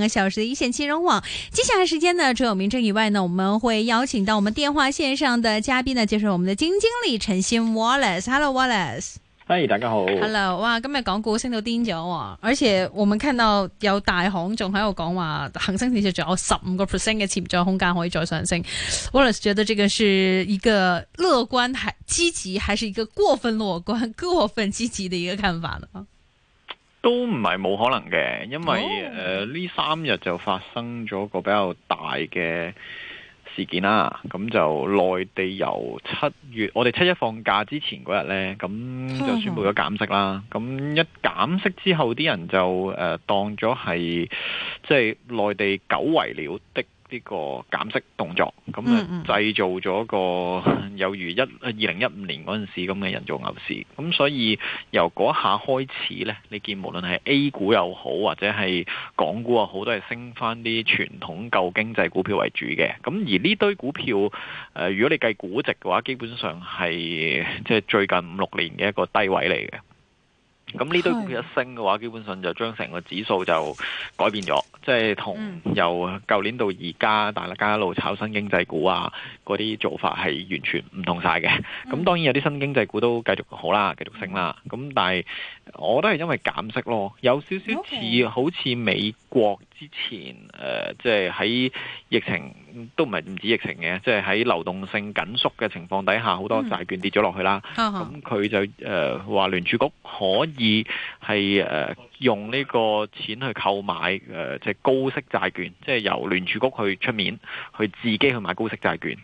個小時的一線金融網，接下來時間呢，除有名正以外呢，我們會邀請到我們電話線上的嘉賓呢，就是我們的金經，經理陳昕 Wallace。Hello Wallace，嗨，hey, 大家好。Hello，哇，今日港股升到癲咗，而且我們看到有大行仲喺度講話，恒、啊、生指數仲有十五個 percent 嘅潛在空間可以再上升。Wallace 覺得這個是一個樂觀還積極，還是一個過分樂觀、過分積極的一個看法呢？都唔係冇可能嘅，因為誒呢、呃、三日就發生咗個比較大嘅事件啦。咁就內地由七月，我哋七一放假之前嗰日咧，咁就宣布咗減息啦。咁一減息之後，啲人就誒、呃、當咗係即係內地久違了的。呢個減息動作，咁就製造咗個有如一二零一五年嗰陣時咁嘅人造牛市，咁所以由嗰下開始呢，你見無論係 A 股又好，或者係港股又好，都係升翻啲傳統舊經濟股票為主嘅，咁而呢堆股票，誒如果你計估值嘅話，基本上係即係最近五六年嘅一個低位嚟嘅。咁呢堆股票一升嘅話，基本上就將成個指數就改變咗，即係同由舊年到而家大家一路炒新經濟股啊，嗰啲做法係完全唔同晒嘅。咁當然有啲新經濟股都繼續好啦，繼續升啦。咁但係我都係因為減息咯，有少少似好似美國之前誒，即係喺疫情都唔係，唔止疫情嘅，即係喺流動性緊縮嘅情況底下，好多債券跌咗落去啦。咁佢、嗯、就誒話、呃、聯儲局可以係誒、呃、用呢個錢去購買誒，即係高息債券，即、就、係、是、由聯儲局去出面去自己去買高息債券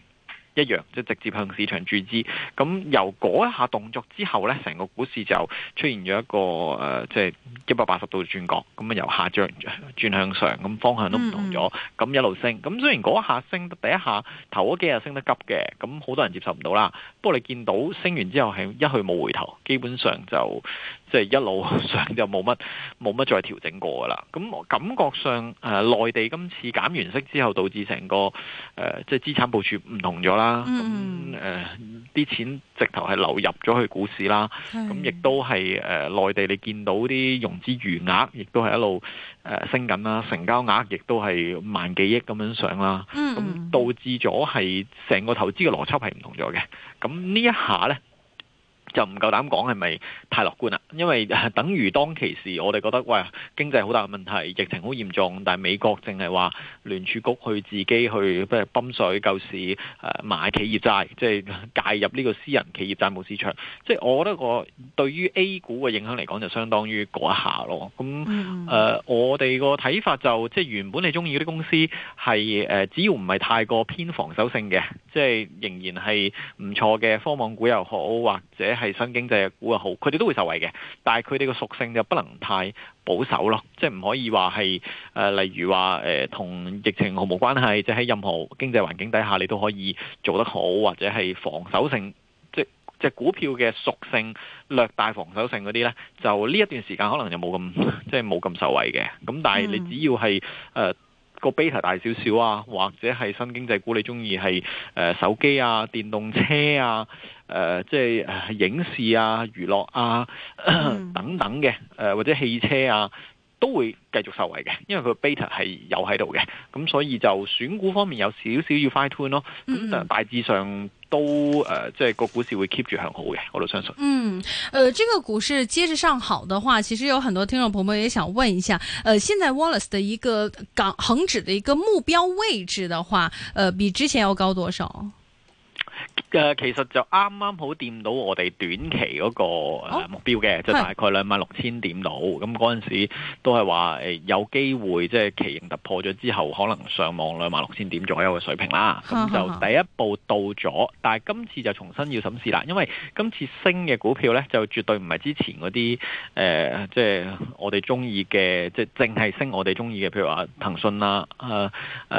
一樣，即係直接向市場注資。咁由嗰一下動作之後呢，成個股市就出現咗一個誒，即係一百八十度轉角，咁啊由下降轉向上，咁方向都唔同咗。咁一路升，咁雖然嗰一下升，第一下頭嗰幾日升得急嘅，咁好多人接受唔到啦。不過你見到升完之後係一去冇回頭，基本上就。即係一路上就冇乜冇乜再調整過噶啦，咁感覺上誒、呃、內地今次減完息之後，導致成個誒、呃、即係資產部署唔同咗啦，咁誒啲錢直頭係流入咗去股市啦，咁亦都係誒內地你見到啲融資餘額，亦都係一路誒升緊啦，成交額亦都係萬幾億咁樣上啦，咁、嗯嗯、導致咗係成個投資嘅邏輯係唔同咗嘅，咁呢一下咧？就唔夠膽講，係咪太樂觀啦？因為等於當其時，我哋覺得喂經濟好大嘅問題，疫情好嚴重，但係美國淨係話聯儲局去自己去不如泵水救市，誒，買企業債，即係介入呢個私人企業債務市場。即係我覺得個對於 A 股嘅影響嚟講，就相當於嗰一下咯。咁誒、mm hmm. 呃，我哋個睇法就即係原本你中意啲公司係誒、呃、只要唔係太過偏防守性嘅，即係仍然係唔錯嘅科網股又好，或者係。係新經濟嘅股又好，佢哋都會受惠嘅。但係佢哋嘅屬性就不能太保守咯，即係唔可以話係誒，例如話誒同疫情毫無關係，即係喺任何經濟環境底下，你都可以做得好，或者係防守性，即係即係股票嘅屬性略帶防守性嗰啲呢。就呢一段時間可能就冇咁， 即係冇咁受惠嘅。咁但係你只要係誒。呃個 beta 大少少啊，或者係新經濟股，你中意係誒手機啊、電動車啊、誒即係影視啊、娛樂啊、mm. 等等嘅誒，或者汽車啊。都會繼續受惠嘅，因為佢嘅 beta 係有喺度嘅，咁、嗯、所以就選股方面有少少要 fine tune 咯。咁但大致上都誒，即、呃、係、就是、個股市會 keep 住向好嘅，我都相信。嗯，誒、呃，這個股市接着上好的話，其實有很多聽眾朋友也想問一下，誒、呃，現在 Wallace 的一個港恒指的一個目標位置的話，誒、呃，比之前要高多少？其實就啱啱好掂到我哋短期嗰個目標嘅，哦、就大概兩萬六千點度，咁嗰陣時都係話有機會，即係旗形突破咗之後，可能上望兩萬六千點左右嘅水平啦。咁、哦、就第一步到咗，哦、但係今次就重新要審視啦，因為今次升嘅股票呢，就絕對唔係之前嗰啲誒，即係我哋中意嘅，即係淨係升我哋中意嘅，譬如話騰訊啊、呃、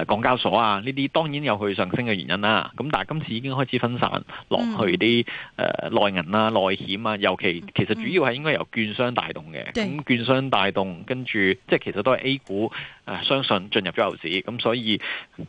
港交所啊呢啲，呢啲當然有佢上升嘅原因啦。咁但係今次已經開始分散。落去啲誒、嗯呃、內銀啊、內險啊，尤其其實主要係應該由券商帶動嘅。咁、嗯、券商帶動，跟住即係其實都係 A 股誒、呃，相信進入咗牛市，咁所以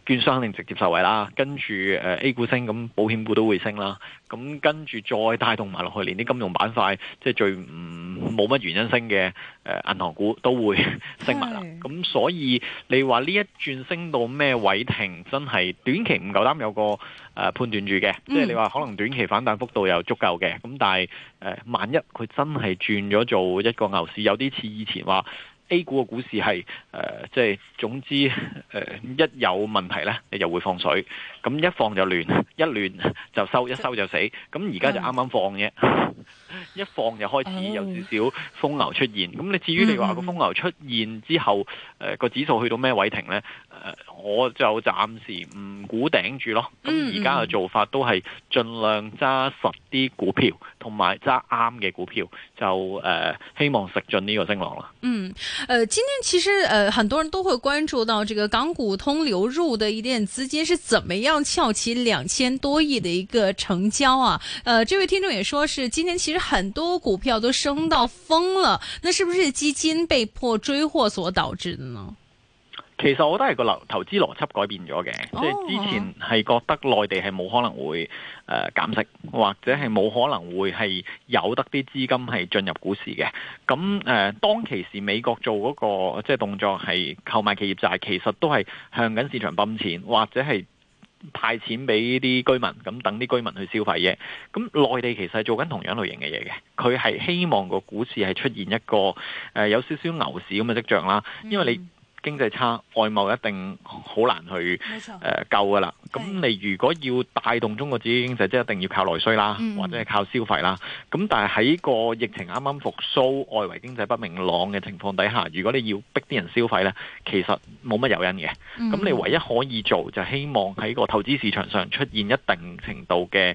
券商肯定直接受惠啦。跟住誒、呃、A 股升，咁保險股都會升啦。咁跟住再帶動埋落去，連啲金融板塊，即係最唔冇乜原因升嘅誒、呃、銀行股都會升埋啦。咁 所以你話呢一轉升到咩位停，真係短期唔夠膽有個，誒、呃、判斷住嘅，即係你話可能短期反彈幅度又足夠嘅，咁但係誒、呃、萬一佢真係轉咗做一個牛市，有啲似以前話 A 股嘅股市係誒、呃，即係總之誒、呃、一有問題呢，你就會放水，咁一放就亂，一亂就收，一收就死，咁而家就啱啱放啫。嗯一放就開始有少少風流出現，咁你、oh, 至於你話個風流出現之後，誒、um, 呃、個指數去到咩位停咧？誒、呃，我就暫時唔估頂住咯。咁而家嘅做法都係盡量揸實啲股票，同埋揸啱嘅股票，就誒、呃、希望食盡呢個升浪啦。嗯，誒、呃，今天其實誒、呃、很多人都會關注到，這個港股通流入的一點資金是怎麼樣撬起兩千多億嘅一個成交啊？誒、呃，這位聽眾也說是今天其實。很多股票都升到瘋了，那是不是基金被迫追貨所導致的呢？其實我覺得係個投投資邏輯改變咗嘅，oh. 即係之前係覺得內地係冇可能會誒、呃、減息，或者係冇可能會係有得啲資金係進入股市嘅。咁誒、呃，當其時美國做嗰、那個即係動作係購買企業債，其實都係向緊市場泵錢，或者係。派錢俾啲居民，咁等啲居民去消費嘅。咁內地其實係做緊同樣類型嘅嘢嘅，佢係希望個股市係出現一個誒有少少牛市咁嘅跡象啦。嗯、因為你。經濟差，外貿一定好難去誒錯、呃、救噶啦。咁是你如果要帶動中國自己的經濟，即係一定要靠內需啦，嗯嗯或者係靠消費啦。咁但係喺個疫情啱啱復蘇，外圍經濟不明朗嘅情況底下，如果你要逼啲人消費呢，其實冇乜誘因嘅。咁、嗯嗯、你唯一可以做就希望喺個投資市場上出現一定程度嘅誒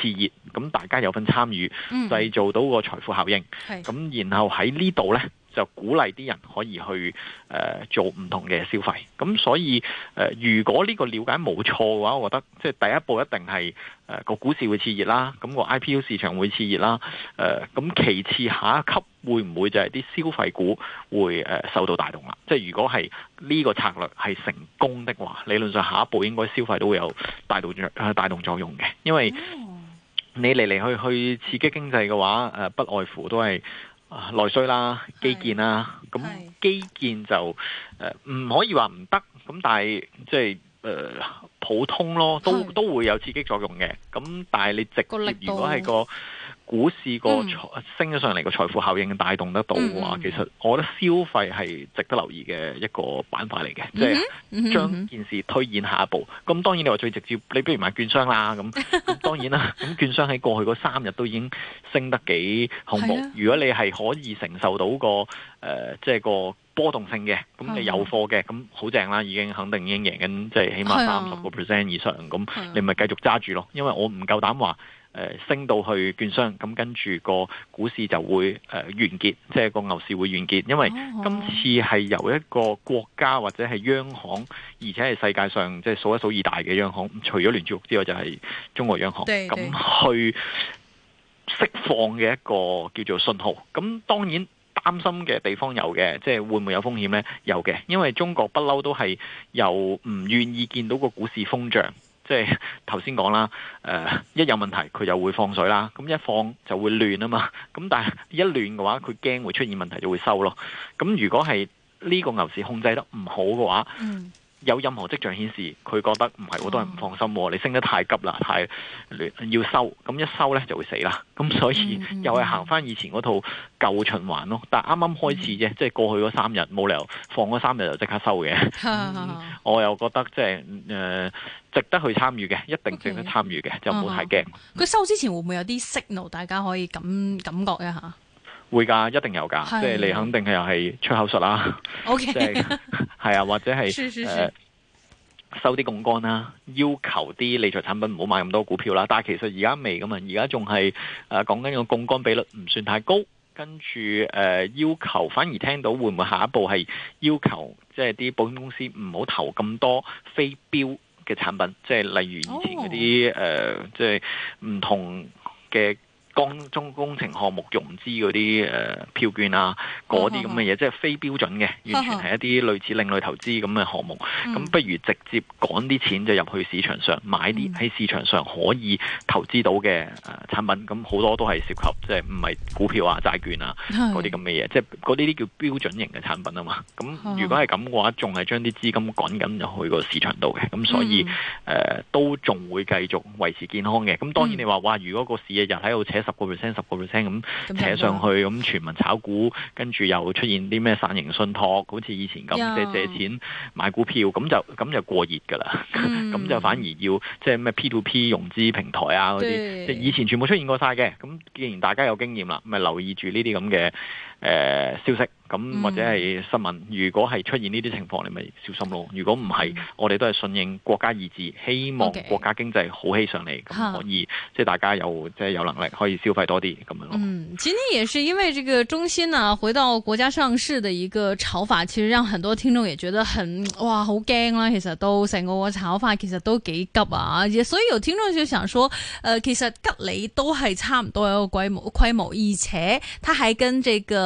熾熱，咁、呃、大家有份參與，製、嗯、造到個財富效應。咁是然後喺呢度呢。就鼓勵啲人可以去誒、呃、做唔同嘅消費，咁所以誒、呃，如果呢個了解冇錯嘅話，我覺得即係第一步一定係誒個股市會熾熱啦，咁、個 IPO 市場會熾熱啦，誒、呃、咁其次下一級會唔會就係啲消費股會誒、呃、受到帶動啦？即係如果係呢個策略係成功的話，理論上下一步應該消費都會有帶動作帶動作用嘅，因為你嚟嚟去去刺激經濟嘅話，誒、呃、不外乎都係。啊，內需啦，基建啦，咁是基建就誒唔是、呃、可以話唔得，咁但係即係誒普通咯，都是都會有刺激作用嘅，咁但係你直接，如果係個。股市個財升咗上嚟，個財富效應帶動得到嘅話，嗯嗯、其實我覺得消費係值得留意嘅一個板塊嚟嘅，即係、嗯嗯、將件事推演下一步。咁、嗯嗯、當然你話最直接，你不如買券商啦。咁 當然啦，咁券商喺過去嗰三日都已經升得幾恐怖。啊、如果你係可以承受到個誒，即、呃、係、就是、個波動性嘅，咁你有貨嘅，咁好正啦，已經肯定已經贏緊，即、就、係、是、起碼三十個 percent 以上。咁、啊、你咪繼續揸住咯，啊、因為我唔夠膽話。誒，升到去券商，咁跟住個股市就會誒完結，即係個牛市會完結。因為今次係由一個國家或者係央行，而且係世界上即係數一數二大嘅央行，除咗聯儲局之外，就係中國央行。咁對去釋放嘅一個叫做信號。咁當然擔心嘅地方有嘅，即係會唔會有風險咧？有嘅，因為中國是不嬲都係由唔願意見到個股市瘋漲。即係頭先講啦，誒、呃、一有問題佢就會放水啦，咁一放就會亂啊嘛，咁但係一亂嘅話，佢驚會出現問題就會收咯，咁如果係呢個牛市控制得唔好嘅話，嗯。有任何跡象顯示，佢覺得唔係好多人唔放心，你升得太急啦，太要收，咁一收呢就會死啦。咁所以又係行翻以前嗰套舊循環咯。但係啱啱開始啫，即係、嗯、過去嗰三日冇理由放嗰三日就即刻收嘅。嗯、我又覺得即係誒值得去參與嘅，一定值得參與嘅，okay，就唔好太驚。佢、嗯、收之前會唔會有啲 signal，大家可以感感覺一下？會噶，一定有噶，即係的你肯定係又係出口術啦。O K，係啊，或者係誒、呃、收啲槓桿啦，要求啲理財產品唔好買咁多股票啦。但係其實而家未咁啊，而家仲係誒講緊個槓桿比率唔算太高。跟住誒要求，反而聽到會唔會下一步係要求，即係啲保險公司唔好投咁多非標嘅產品，即、就、係、是、例如以前嗰啲誒，即係唔同嘅。江中工程項目融資嗰啲誒票券啊，嗰啲咁嘅嘢， 即係非標準嘅，完全係一啲類似另類投資咁嘅項目。咁 不如直接趕啲錢就入去市場上買啲喺市場上可以投資到嘅誒產品。咁好、 呃、多都係涉及即係唔係股票啊、債券啊嗰啲咁嘅嘢，即係嗰啲啲叫標準型嘅產品啊嘛。咁如果係咁嘅話仲係將啲資金趕緊入去個市場度嘅。咁所以誒、 呃、都仲會繼續維持健康嘅。咁當然你話哇， 如果個市嘅人喺度扯。十個 percent，十個 percent 咁扯上去，咁全民炒股，跟住又出現啲咩散形信託，好似以前咁借 Yeah. 借錢買股票，咁就咁就過熱㗎喇，咁、mm. 就反而要即係、就、咩、是、P2P 融資平台啊嗰啲，即係對以前全部出現過晒嘅，咁既然大家有經驗啦，咪留意住呢啲咁嘅。誒、呃，消息，咁或者係新聞，嗯、如果係出現呢啲情況，你咪小心咯。如果唔係，嗯、我哋都係順應國家意志，希望國家經濟好起上嚟，咁 Okay. 可以即係哈大家有即係有能力可以消費多啲咁樣咯。嗯，今天也是因為這個中心啊，回到國家上市的一個炒法，其實讓很多聽眾也覺得很哇好驚啦。其實都成個炒法其實都幾急啊，所以有聽眾就想說，誒、呃，其實吉利都係差唔多有個規模規模，而且它還跟這個。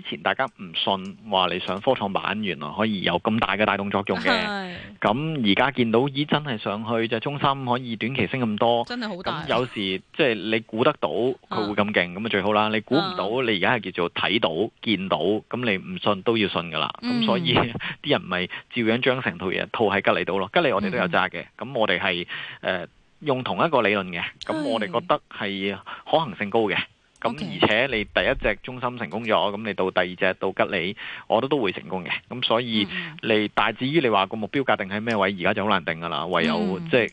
之前大家唔信話你上科創板原來可以有咁大嘅帶動作用嘅，咁而家見到咦真係上去就中心可以短期升咁多，真係好大。咁有時即係你估得到佢會咁勁，咁啊最好啦。你估唔到，你而家係叫做睇到、見到，咁你唔信都要信㗎啦。咁、嗯、所以啲人咪照樣將成套嘢套喺吉利度咯。吉利我哋都有揸嘅，咁、嗯、我哋係誒用同一個理論嘅，咁我哋覺得係可行性高嘅。咁而且你第一隻中心成功咗，咁你到第二隻到吉利，我都都會成功嘅。咁所以你大致於你話個目標界定喺咩位，而家就好難定㗎喇，唯有即係。嗯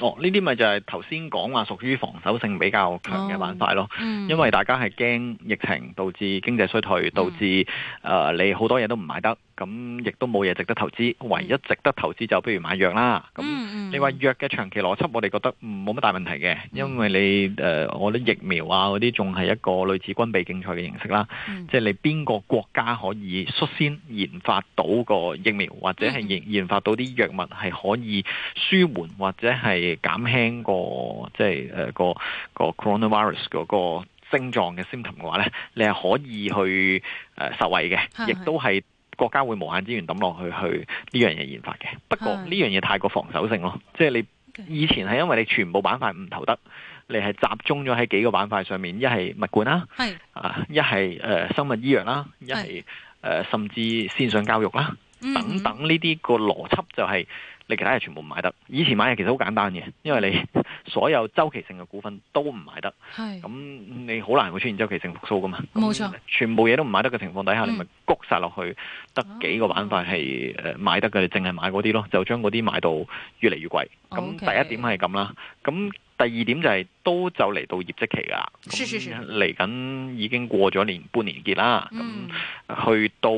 哦，呢啲咪就係頭先講話屬於防守性比較強嘅板塊咯，因為大家係驚疫情導致經濟衰退，導致誒、呃、你好多嘢都唔買得。咁亦都冇嘢值得投資，唯一值得投資就不如買藥啦。咁你話藥嘅長期邏輯，我哋覺得冇乜大問題嘅，因為你誒我啲疫苗啊嗰啲仲係一個類似軍備競賽嘅形式啦，即係你邊個國家可以率先研發到個疫苗，或者係研研發到啲藥物係可以舒緩或者係減輕個即係誒個個 coronavirus 嗰個症狀嘅 symptom 嘅話咧，你係可以去誒受惠嘅，亦都係。國家會無限資源抌落去去呢樣嘢研發嘅，不過呢樣嘢太過防守性咯，即係你以前係因為你全部板塊唔投得，你係集中咗喺幾個板塊上面，一係物管啦，係的啊，一係誒生物醫藥啦，一係誒甚至線上教育啦，等等呢啲個邏輯就係你其他嘢全部唔買得，以前買嘢其實好簡單嘅，因為你。 所有周期性嘅股份都唔買得，咁是 你好難會出現周期性復蘇噶嘛。冇沒錯，全部嘢都唔買得嘅情況底下，嗯、你咪谷晒落去，得幾個板塊係誒買得嘅，淨係、哦、買嗰啲咯，就將嗰啲買到越嚟越貴。咁、哦、okay 第一點係咁啦，咁。第二點就係都就嚟到業績期啦，嚟緊是已經過咗年半年結啦，咁、嗯、去到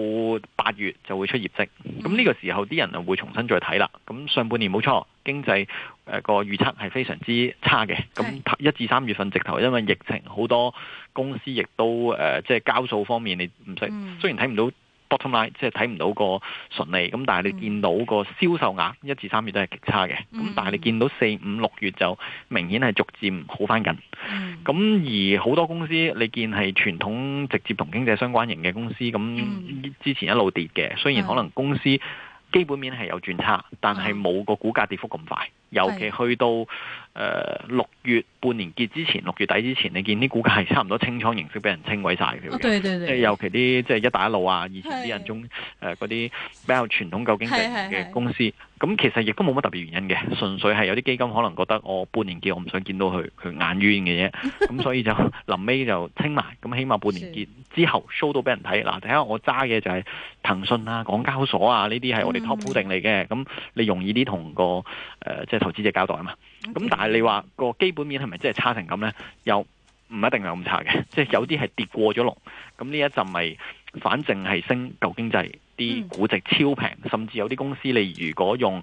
八月就會出業績。咁呢、嗯、個時候啲人啊會重新再睇啦。咁上半年冇錯經濟誒個預測係非常之差嘅。咁一至三月份直頭因為疫情，好多公司亦都誒即係交數方面你唔使，嗯、雖然睇唔到。Bottom line, 即係睇唔到個順利，咁但係你見到個銷售額一至三月都係極差嘅，咁、嗯、但係你見到四五六月就明顯係逐漸好翻緊。咁、嗯、而好多公司你見係傳統直接同經濟相關型嘅公司，咁之前一路跌嘅，嗯、雖然可能公司基本面係有轉差，嗯、但係冇個股價跌幅咁快，嗯、尤其去到。誒，六、呃、月半年結之前，六月底之前，你見啲股價係差唔多清倉形式俾人清鬼晒，嘅，哦、對對對尤其啲即係一帶一路啊，以前啲人中誒嗰啲比較傳統舊經濟嘅公司，咁其實亦都冇乜特別原因嘅，純粹係有啲基金可能覺得我、哦、半年結我唔想見到佢佢眼冤嘅嘢。咁 所以就臨尾就清埋，咁起碼半年結是之後 show 到俾人睇。嗱，睇下我揸嘅就係騰訊啊、港交所啊，呢啲係我哋 top 定嚟嘅，咁、嗯、你容易啲同個即、呃即係、投資者交代啊嘛。咁、嗯、但係你話個基本面係咪真係差成咁呢？又唔一定係咁差嘅，即、就、係、是、有啲係跌過咗龍。咁呢一陣咪，反正係升舊經濟啲估值，超平，甚至有啲公司你如，如果用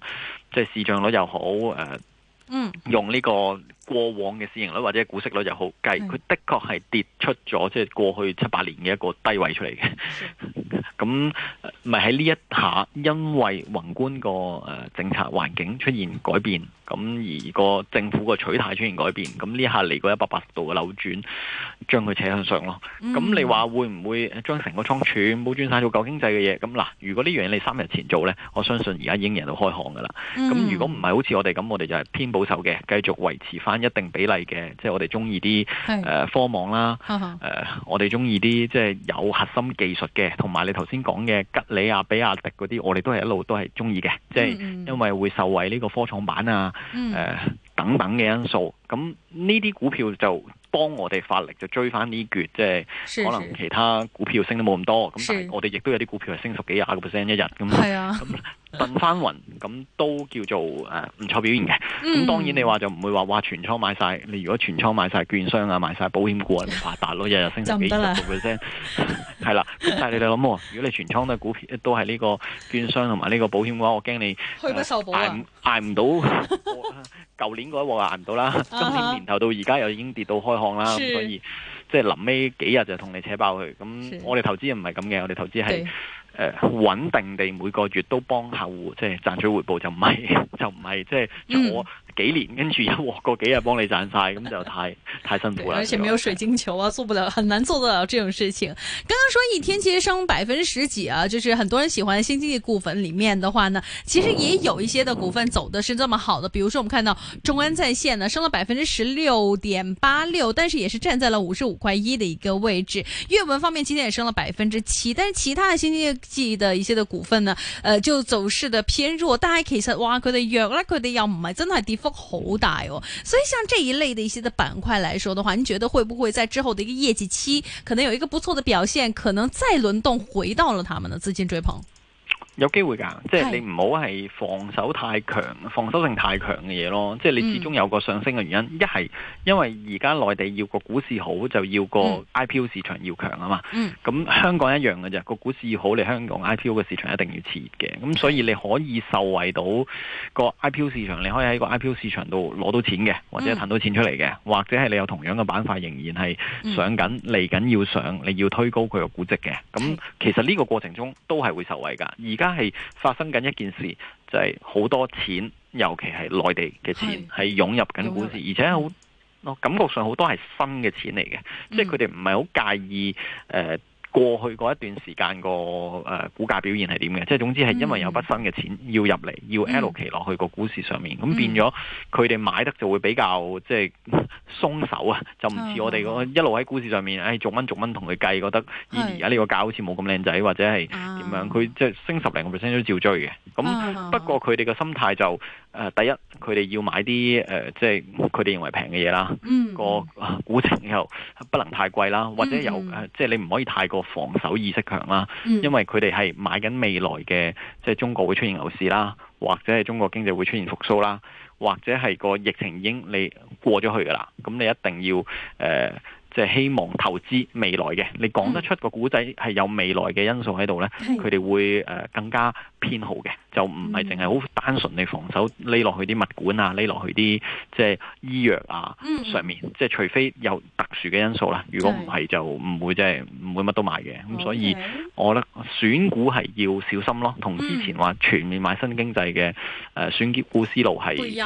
即係市賬率又好誒，呃嗯、用呢個過往嘅市盈率或者股息率又好計，佢的確係跌出咗即係過去七八年嘅一個低位出嚟嘅。咁咪喺呢一下，因為宏觀個誒、呃、政策環境出現改變。咁而個政府個取態出現改變，咁呢下嚟個一百八十度嘅扭轉，將佢扯向上咯。咁、嗯、哼你話會唔會將成個倉全部轉晒做舊經濟嘅嘢？咁嗱，如果呢樣嘢你三日前做呢，我相信而家已經贏到開行噶啦。咁、嗯、哼如果唔係好似我哋咁，我哋就係偏保守嘅，繼續維持翻一定比例嘅，即係我哋中意啲科網啦，誒我哋中意啲即係有核心技術嘅，同埋你頭先講嘅吉利啊、比亞迪嗰啲，我哋都係一路都係中意嘅，即係因為會受惠呢個科創板啊。誒、嗯呃、等等嘅因素，咁、嗯。呢啲股票就幫我哋發力，就追翻呢橛，即係可能其他股票升得冇咁多，咁但係我哋亦都有啲股票係升十幾廿個 percent 一日咁，係啊，咁掙翻雲咁都叫做誒唔錯表現嘅。咁當然你話就唔會話話全倉買晒。你如果全倉買晒券商啊、買晒保險股啊，咪發達咯，日日升十幾廿個 percent，係啦。但係你哋諗喎，如果你全倉都係股票，都係呢個券商同埋呢個保險嘅話，我驚你捱唔捱唔到舊年嗰一鑊捱唔到啦，今年。然後到而家又已經跌到開行啦，是所以即係臨尾幾日就同你扯爆佢。咁我哋投資又唔係咁嘅，我哋投資係誒是、呃、穩定地每個月都幫客戶即係賺取回報就，就唔係就唔係即係幾年跟住一鑊個幾日幫你賺晒，咁就太太辛苦啦。而且沒有水晶球啊，做不了，很難做得到這種事情。剛剛說一天其實升百分之十幾啊，就是很多人喜歡的新經濟股份裏面的話呢，其實也有一些的股份走的是這麼好的。哦、比如說我們看到中安在綫呢升了百分之十六點八六，但是也是站在了五十五塊一的一個位置。閱文方面今天也升了百分之七，但是其他的新經濟的一些的股份呢，呃，就走勢的偏弱。但其實哇，佢哋弱咧，佢哋又唔係真係跌。風好大喲，所以像這一類的一些的板塊來說的話，您覺得會不會在之後的一個業績期，可能有一個不錯的表現，可能再輪動回到了他們的資金追捧？有機會㗎，即係你唔好係防守太強、是防守性太強嘅嘢咯。即係你始終有個上升嘅原因，一係、嗯、因為而家內地要個股市好，就要個 IPO 市場要強啊嘛。咁、嗯嗯、香港一樣嘅啫，個股市要好，你香港 IPO 嘅市場一定要切嘅。咁、嗯、所以你可以受惠到個 IPO 市場，你可以喺個 IPO 市場度攞到錢嘅，或者揼到錢出嚟嘅，嗯、或者係你有同樣嘅板塊仍然係上緊、嚟緊、嗯、要上，你要推高佢個估值嘅。咁其實呢個過程中都係會受惠㗎。而家係發生緊一件事，就係、是、好多錢，尤其係內地嘅錢，係是湧入緊股市，而且好，我感覺上好多係新嘅錢嚟嘅，嗯、即係佢哋唔係好介意誒。呃過去嗰一段時間個誒、呃、股價表現係點嘅？即係總之係因為有筆新嘅錢要入嚟，嗯、要 allocate 落去個股市上面，咁、嗯、變咗佢哋買得就會比較即係鬆手啊，就唔似我哋、嗰個、嗯、一路喺股市上面，唉、哎、逐蚊逐蚊同佢計，覺得咦，而家呢個價好似冇咁靚仔，或者係點樣？佢即係升十零個 percent 都照追嘅。咁不過佢哋嘅心態就。誒第一，佢哋要買啲誒，即係佢哋認為平嘅嘢啦。嗯，那個股價、呃、又不能太貴啦，或者有誒，即係、嗯呃就是、你唔可以太過防守意識強啦，嗯、因為佢哋係買緊未來嘅，即、就、係、是、中國會出現牛市啦，或者係中國經濟會出現復甦啦，或者係個疫情已經你過咗去㗎啦，咁你一定要誒。呃即係希望投資未來嘅，你講得出個股仔係有未來嘅因素喺度咧，佢哋、嗯、會誒、呃、更加偏好嘅，就唔係淨係好單純嚟防守，匿落去啲物管啊，匿落去啲即係醫藥啊上面，即係、嗯、除非有特殊嘅因素啦，如果唔係就唔會即係唔會乜都買嘅。咁對所以我覺得選股係要小心咯，同之前話全面買新經濟嘅誒選股思路係，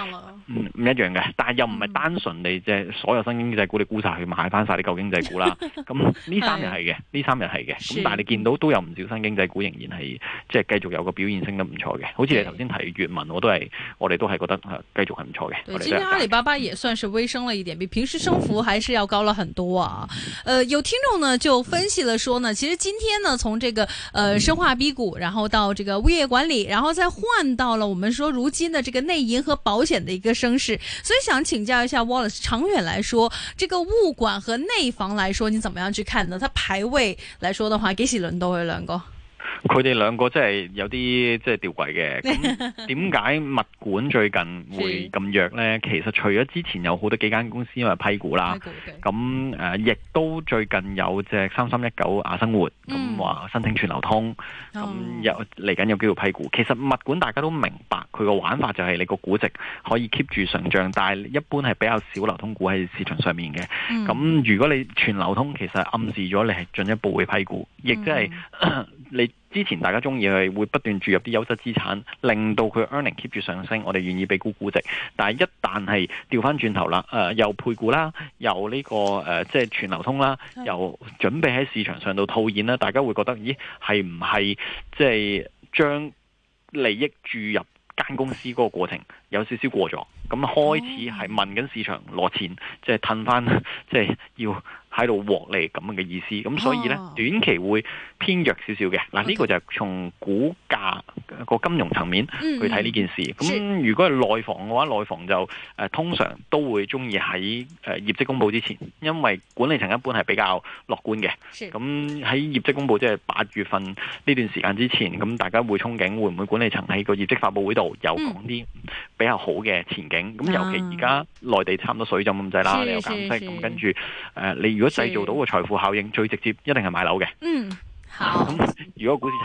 唔唔一樣嘅，但係又唔係單純你即係所有新經濟股你沽晒去買翻晒啲舊經濟股啦。咁呢 三日係嘅，呢 三日係嘅。咁但係你見到都有唔少新經濟股仍然係即係繼續有個表現升得唔錯嘅，好似你頭先提粵文，我都係我哋都係覺得繼續係唔錯嘅。今天對阿里巴巴也算是微升了一點，嗯、比平時升幅還是要高了很多啊。呃，有聽眾呢就分析了說呢，其實今天呢從這個呃生化 B 股，然後到這個物業管理，然後再換到了我們說如今的這個內銀和保險的一個。聲勢，所以想請教一下 Wallace，長遠來說，這個物管和內房來說，你怎麼樣去看呢？它排位來說的話，給幾輪都會輪過。佢哋兩個真係有啲即係吊詭嘅，咁點解物管最近會咁弱呢？ 其實除咗之前有好多幾間公司因為批股啦，咁誒亦都最近有隻三三一九亞生活咁話申請全流通，咁又嚟緊有機會批股。哦、其實物管大家都明白佢個玩法就係你個估值，可以 keep 住上漲，但係一般係比較少流通股喺市場上面嘅。咁、嗯、如果你全流通，其實暗示咗你係進一步會批股，亦即係你。嗯 之前大家中意佢，會不斷注入啲優質資產，令到佢 earnings keep 住上升，我哋願意俾估估值。但係一旦係調翻轉頭啦，誒、呃、又配股啦，又呢、呢個誒即係全流通啦，又準備喺市場上度套現啦，大家會覺得咦係唔係即係將利益注入間公司嗰個過程？有少少過咗，咁開始係問緊市場攞錢，即係褪返，即係、就是、要喺度獲利咁嘅意思。咁、哦、所以呢，短期會偏弱少少嘅。嗱、哦，呢個就係從股價個金融層面去睇呢件事。咁、嗯、如果係內房嘅話，內房就、呃、通常都會鍾意喺誒業績公佈之前，因為管理層一般係比較樂觀嘅。咁喺是業績公佈即係八月份呢段時間之前，咁大家會憧憬會唔會管理層喺個業績發佈會度有講啲。比較好嘅前景，咁尤其而家內地差唔多水浸咁滯啦，嗯、你又減息，咁是跟住誒、呃，你如果製造到個財富效應，是是最直接一定係買樓嘅、嗯嗯。嗯，咁如果股市，